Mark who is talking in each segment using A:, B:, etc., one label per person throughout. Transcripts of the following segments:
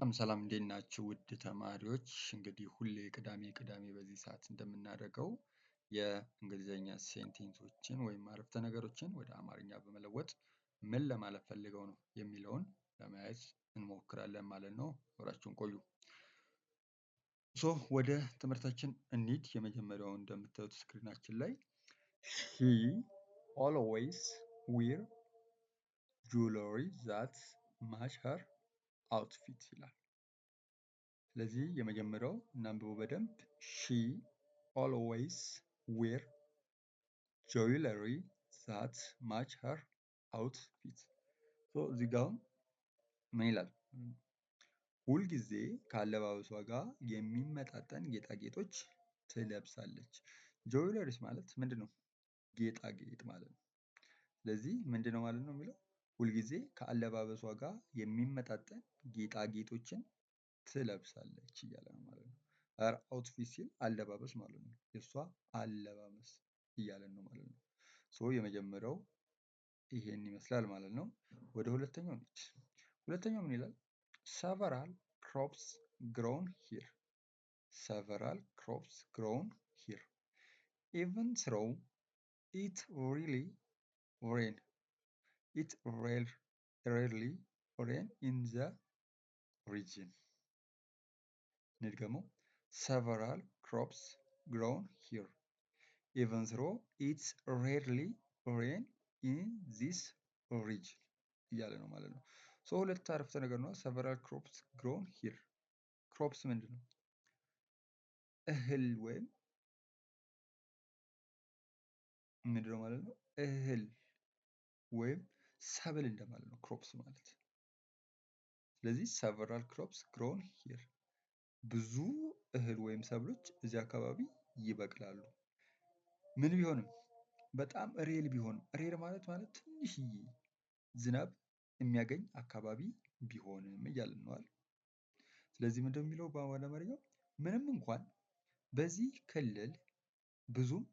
A: በጣም ሰላም እንዴት ናችሁ ውድ ተማሪዎች እንግዲህ ሁሌ ቅዳሜ ቅዳሜ በዚህ ሰዓት እንደምናደርገው የእንግሊዝኛ ሴንቴንሶችን ወይም አረፍተ ነገሮችን ወደ አማርኛ በመለወጥ ምን ለማለት ፈልገው ነው የሚለውን ለማየት እንሞክራለን ማለት ነው። አብራችሁን ቆዩ። ሶ ወደ ትምህርታችን እንሂድ። የመጀመሪያው እንደምታዩት ስክሪናችን ላይ ሂ ኦልዌይስ ዊር ጁለሪ ዛት ማች ሀር አውትፊት ይላል። ስለዚህ የመጀመሪያው እናንብቦ በደንብ ሺ ኦልዌይስ ዌር ጆይለሪ ዛት ማች ሀር አውትፊት። እዚህ ጋር ምን ይላል? ሁልጊዜ ከአለባበሷ ጋር የሚመጣጠን ጌጣጌጦች ትለብሳለች። ጆይለሪስ ማለት ምንድን ነው? ጌጣጌጥ ማለት ነው። ስለዚህ ምንድን ነው ማለት ነው የሚለው ሁልጊዜ ከአለባበሷ ጋር የሚመጣጠን ጌጣጌጦችን ትለብሳለች እያለ ነው ማለት ነው። ኧረ አውትፊት ሲል አለባበስ ማለት ነው። የእሷ አለባበስ እያለን ነው ማለት ነው። ሶ የመጀመሪያው ይሄን ይመስላል ማለት ነው። ወደ ሁለተኛው ነች። ሁለተኛው ምን ይላል? ሰቨራል ክሮፕስ ግሮን ሂር ሰቨራል ክሮፕስ ግሮውን ሂር ኢቨን ስሮው ኢት ሪሊ ሬን It rarely occurs in the region. ደግሞ several crops grown here. Even though it rarely occurs in this region እያለ ነው ማለት ነው። ሶ ሁለት አረፍተ ነገር ነው። several crops grown here. ክሮፕስ ምንድን ነው? እህል ወይም ምንድን ነው ማለት ነው እህል ወይም ሰብል እንደማለት ነው ክሮፕስ ማለት። ስለዚህ ሰቨራል ክሮፕስ ግሮን ሂር ብዙ እህል ወይም ሰብሎች እዚህ አካባቢ ይበቅላሉ። ምን ቢሆንም በጣም ሬል ቢሆንም ሬል ማለት ማለት ትንሽዬ ዝናብ የሚያገኝ አካባቢ ቢሆንም እያልን ነዋል ስለዚህ ምንድ የሚለው በአማርኛ መረጃው ምንም እንኳን በዚህ ክልል ብዙም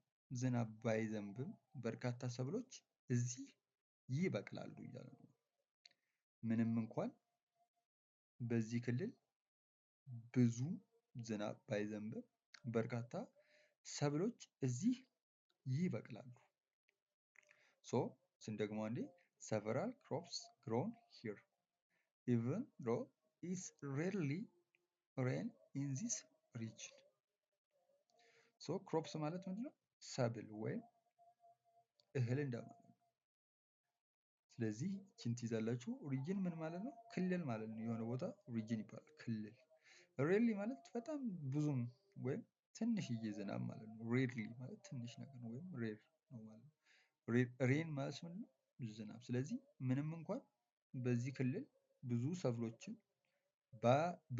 A: ዝናብ ባይዘንብም በርካታ ሰብሎች እዚህ ይበቅላሉ እያለ ነው። ምንም እንኳን በዚህ ክልል ብዙ ዝናብ ባይዘንብም በርካታ ሰብሎች እዚህ ይበቅላሉ። ሶ ስንደግመው አንዴ several crops ግሮን here even though it rarely rain in ሶ ክሮፕስ ማለት ምንድነው ሰብል ወይም እህል እንደማለት ስለዚህ ይችን ትይዛላችሁ። ሪጅን ምን ማለት ነው? ክልል ማለት ነው። የሆነ ቦታ ሪጅን ይባላል። ክልል ሬሊ ማለት በጣም ብዙም ወይም ትንሽዬ ዝናብ ማለት ነው። ሬርሊ ማለት ትንሽ ነገር ነው ወይም ሬር ነው ማለት ነው። ሬን ማለት ምንድን ነው? ዝናብ። ስለዚህ ምንም እንኳን በዚህ ክልል ብዙ ሰብሎችን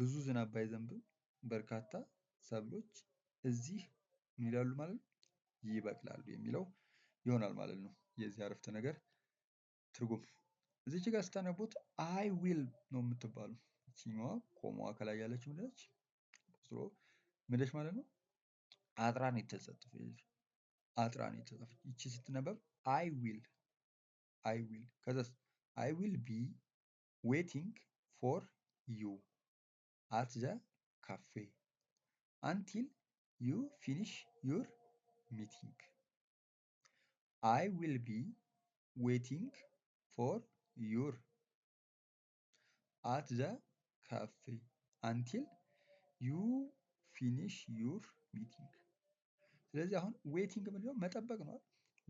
A: ብዙ ዝናብ ባይዘንብም በርካታ ሰብሎች እዚህ ምን ይላሉ ማለት ነው? ይበቅላሉ የሚለው ይሆናል ማለት ነው የዚህ አረፍተ ነገር ትርጉም እዚች ጋር ስታነቡት አይ ዊል ነው የምትባሉ። ይችኛዋ ኮማዋ ከላይ ያለች ምንድነች? ስሮ ምንደች ማለት ነው። አጥራ ነው የተጻፈች። አጥራ ነው የተጻፈች። ይቺ ስትነበብ አይ ዊል አይ ዊል ከዛስ አይ ዊል ቢ ዌቲንግ ፎር ዩ አት ዘ ካፌ አንቲል ዩ ፊኒሽ ዩር ሚቲንግ አይ ዊል ቢ ዌቲንግ for your at the cafe until you finish your meeting ስለዚህ አሁን ዌቲንግ ምንድነው መጠበቅ ነው።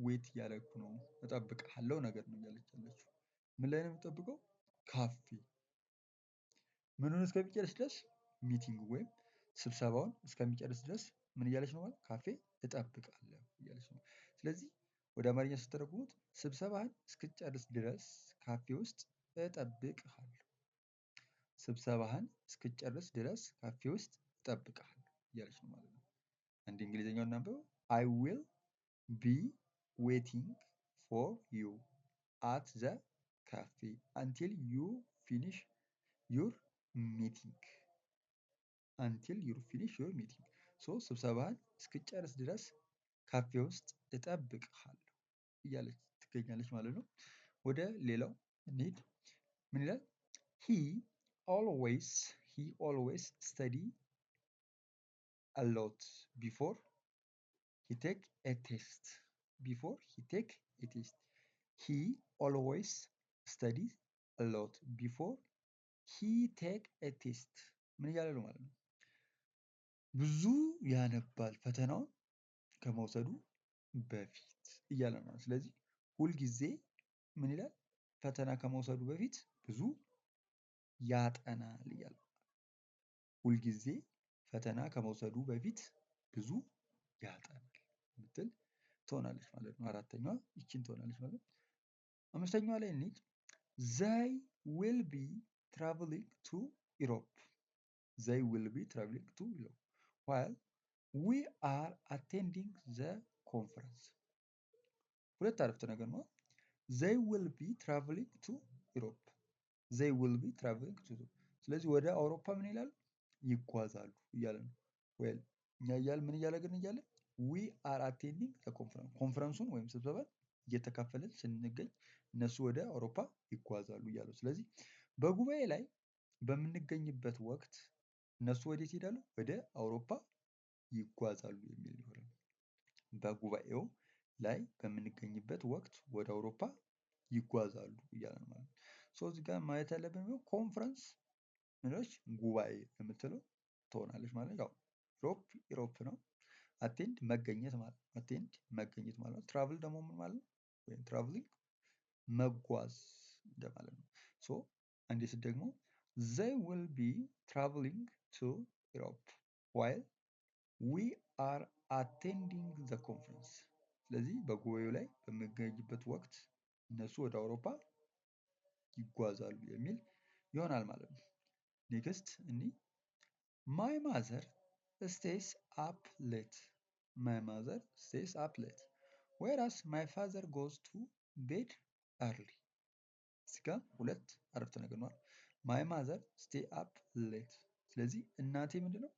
A: ዌት እያደረኩ ነው እጠብቅሃለሁ ነገር ነው እያለች ያለችው። ምን ላይ ነው የምጠብቀው? ካፌ ምንን እስከሚጨርስ ድረስ ሚቲንግ ወይም ስብሰባውን እስከሚጨርስ ድረስ ምን እያለች ነው ማለት ካፌ እጠብቃለሁ እያለች ነው። ስለዚህ ወደ አማርኛ ስተረጉሙት ስብሰባህን እስክጨርስ ድረስ ካፌ ውስጥ እጠብቅሃለሁ። ስብሰባህን እስክጨርስ ድረስ ካፌ ውስጥ እጠብቅሃለሁ እያለች ነው ማለት ነው። አንድ እንግሊዝኛው እናንበው። አይ ዊል ቢ ዌቲንግ ፎር ዩ አት ዘ ካፌ አንቲል ዩ ፊኒሽ ዩር ሚቲንግ አንቲል ዩር ፊኒሽ ዩር ሚቲንግ ሶ ስብሰባህን እስክጨርስ ድረስ ካፌ ውስጥ እጠብቅሃለሁ። እያለች ትገኛለች ማለት ነው። ወደ ሌላው እንሂድ። ምን ይላል? ሂ ኦልዌይስ ሂ ኦልዌይስ ስተዲ አሎት ቢፎር ሂ ቴክ ኤ ቴስት ቢፎር ሂ ቴክ ኤ ቴስት ሂ ኦልዌይስ ስተዲ አሎት ቢፎር ሂ ቴክ ኤ ቴስት ምን እያለ ነው ማለት ነው። ብዙ ያነባል ፈተናውን ከመውሰዱ በፊት እያለ ነው። ስለዚህ ሁልጊዜ ምን ይላል? ፈተና ከመውሰዱ በፊት ብዙ ያጠናል እያለ ሁልጊዜ ፈተና ከመውሰዱ በፊት ብዙ ያጠናል ምትል ትሆናለች ማለት ነው። አራተኛዋ ይችን ትሆናለች ማለት ነው። አምስተኛዋ ላይ እንሂድ። ዘይ ዊል ቢ ትራቭሊንግ ቱ ኢሮፕ ዘይ ዊል ቢ ትራቭሊንግ ቱ ኢሮፕ ዋይል ዊ አር አቴንዲንግ ዘ ኮንፈረንስ ሁለት አረፍተ ነገር ነው። ዘይ ዊል ቢ ትራቭሊንግ ቱ ዩሮፕ ዘይ ዊል ቢ ትራቭሊንግ ቱ ዩሮፕ። ስለዚህ ወደ አውሮፓ ምን ይላል ይጓዛሉ እያለ ነው። ዌል እኛ እያል ምን እያደረግን እያለ ዊ አር አቴንዲንግ ኮንፈረንስ ኮንፈረንሱን ወይም ስብሰባን እየተካፈልን ስንገኝ እነሱ ወደ አውሮፓ ይጓዛሉ እያለ ነው። ስለዚህ በጉባኤ ላይ በምንገኝበት ወቅት እነሱ ወዴት ይሄዳሉ? ወደ አውሮፓ ይጓዛሉ የሚል ይሆናል። በጉባኤው ላይ በምንገኝበት ወቅት ወደ አውሮፓ ይጓዛሉ እያለ ማለት ነው። እዚህ ጋር ማየት ያለብን ኮንፈረንስ ምንች ጉባኤ የምትለው ትሆናለች ማለት ነው። ኢሮፕ ኢሮፕ ነው። አቴንድ መገኘት ማለት አቴንድ መገኘት ማለት ነው። ትራቭል ደግሞ ምን ማለት ነው? ወይም ትራቭሊንግ መጓዝ እንደማለት ነው። ሶ አንዴ ስት ደግሞ ዘይ ዊል ቢ ትራቭሊንግ ቱ ኢሮፕ ዋይል ዊ አር አቴንዲንግ ዘ ኮንፈረንስ ስለዚህ በጉባኤው ላይ በምገኝበት ወቅት እነሱ ወደ አውሮፓ ይጓዛሉ የሚል ይሆናል ማለት ነው። ኔክስት እኒህ ማይ ማዘር ስቴይስ አፕ ሌት ማይ ማዘር ስቴይስ አፕ ሌት ዌራስ ማይ ፋዘር ጎዝ ቱ ቤድ አርሊ እዚጋ ሁለት አረፍተ ነገር ሆኗል። ማይ ማዘር ስቴይ አፕ ሌት ስለዚህ እናቴ ምንድነው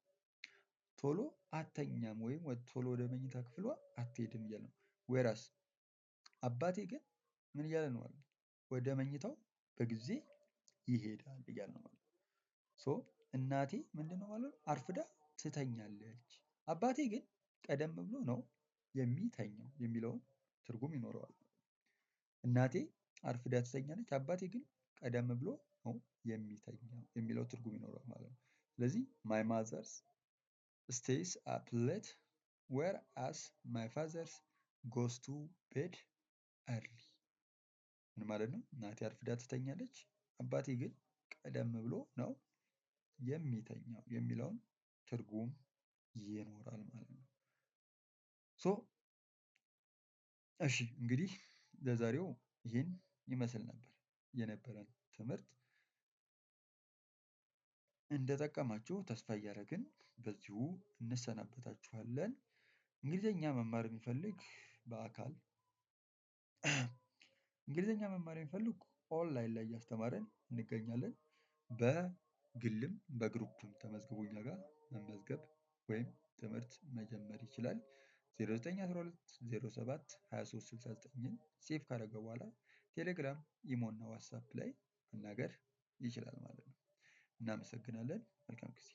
A: ቶሎ አተኛም ወይም ቶሎ ወደ መኝታ ክፍሏ አትሄድም እያለ ነው። ወይራስ አባቴ ግን ምን እያለ ነው ማለት ወደ መኝታው በጊዜ ይሄዳል እያለ ነው ማለት ሶ እናቴ ምንድን ነው ማለት አርፍዳ ትተኛለች፣ አባቴ ግን ቀደም ብሎ ነው የሚተኛው የሚለውን ትርጉም ይኖረዋል። እናቴ አርፍዳ ትተኛለች፣ አባቴ ግን ቀደም ብሎ ነው የሚተኛው የሚለው ትርጉም ይኖረዋል ማለት ነው። ስለዚህ ማይ ማዘርስ stays up late whereas my father goes to bed early ምን ማለት ነው? እናቴ አርፍዳ ትተኛለች፣ አባቴ ግን ቀደም ብሎ ነው የሚተኛው የሚለውን ትርጉም ይኖራል ማለት ነው። ሶ እሺ እንግዲህ ለዛሬው ይህን ይመስል ነበር የነበረን ትምህርት እንደጠቀማችሁ ተስፋ እያደረግን በዚሁ እንሰናበታችኋለን። እንግሊዘኛ መማር የሚፈልግ በአካል እንግሊዘኛ መማር የሚፈልግ ኦንላይን ላይ እያስተማረን እንገኛለን። በግልም በግሩፕም ተመዝግቦ እኛ ጋር መመዝገብ ወይም ትምህርት መጀመር ይችላል። 0912072369ን ሴቭ ካደረገ በኋላ ቴሌግራም፣ ኢሞ እና ዋትሳፕ ላይ መናገር ይችላል ማለት ነው። እናመሰግናለን። መልካም ጊዜ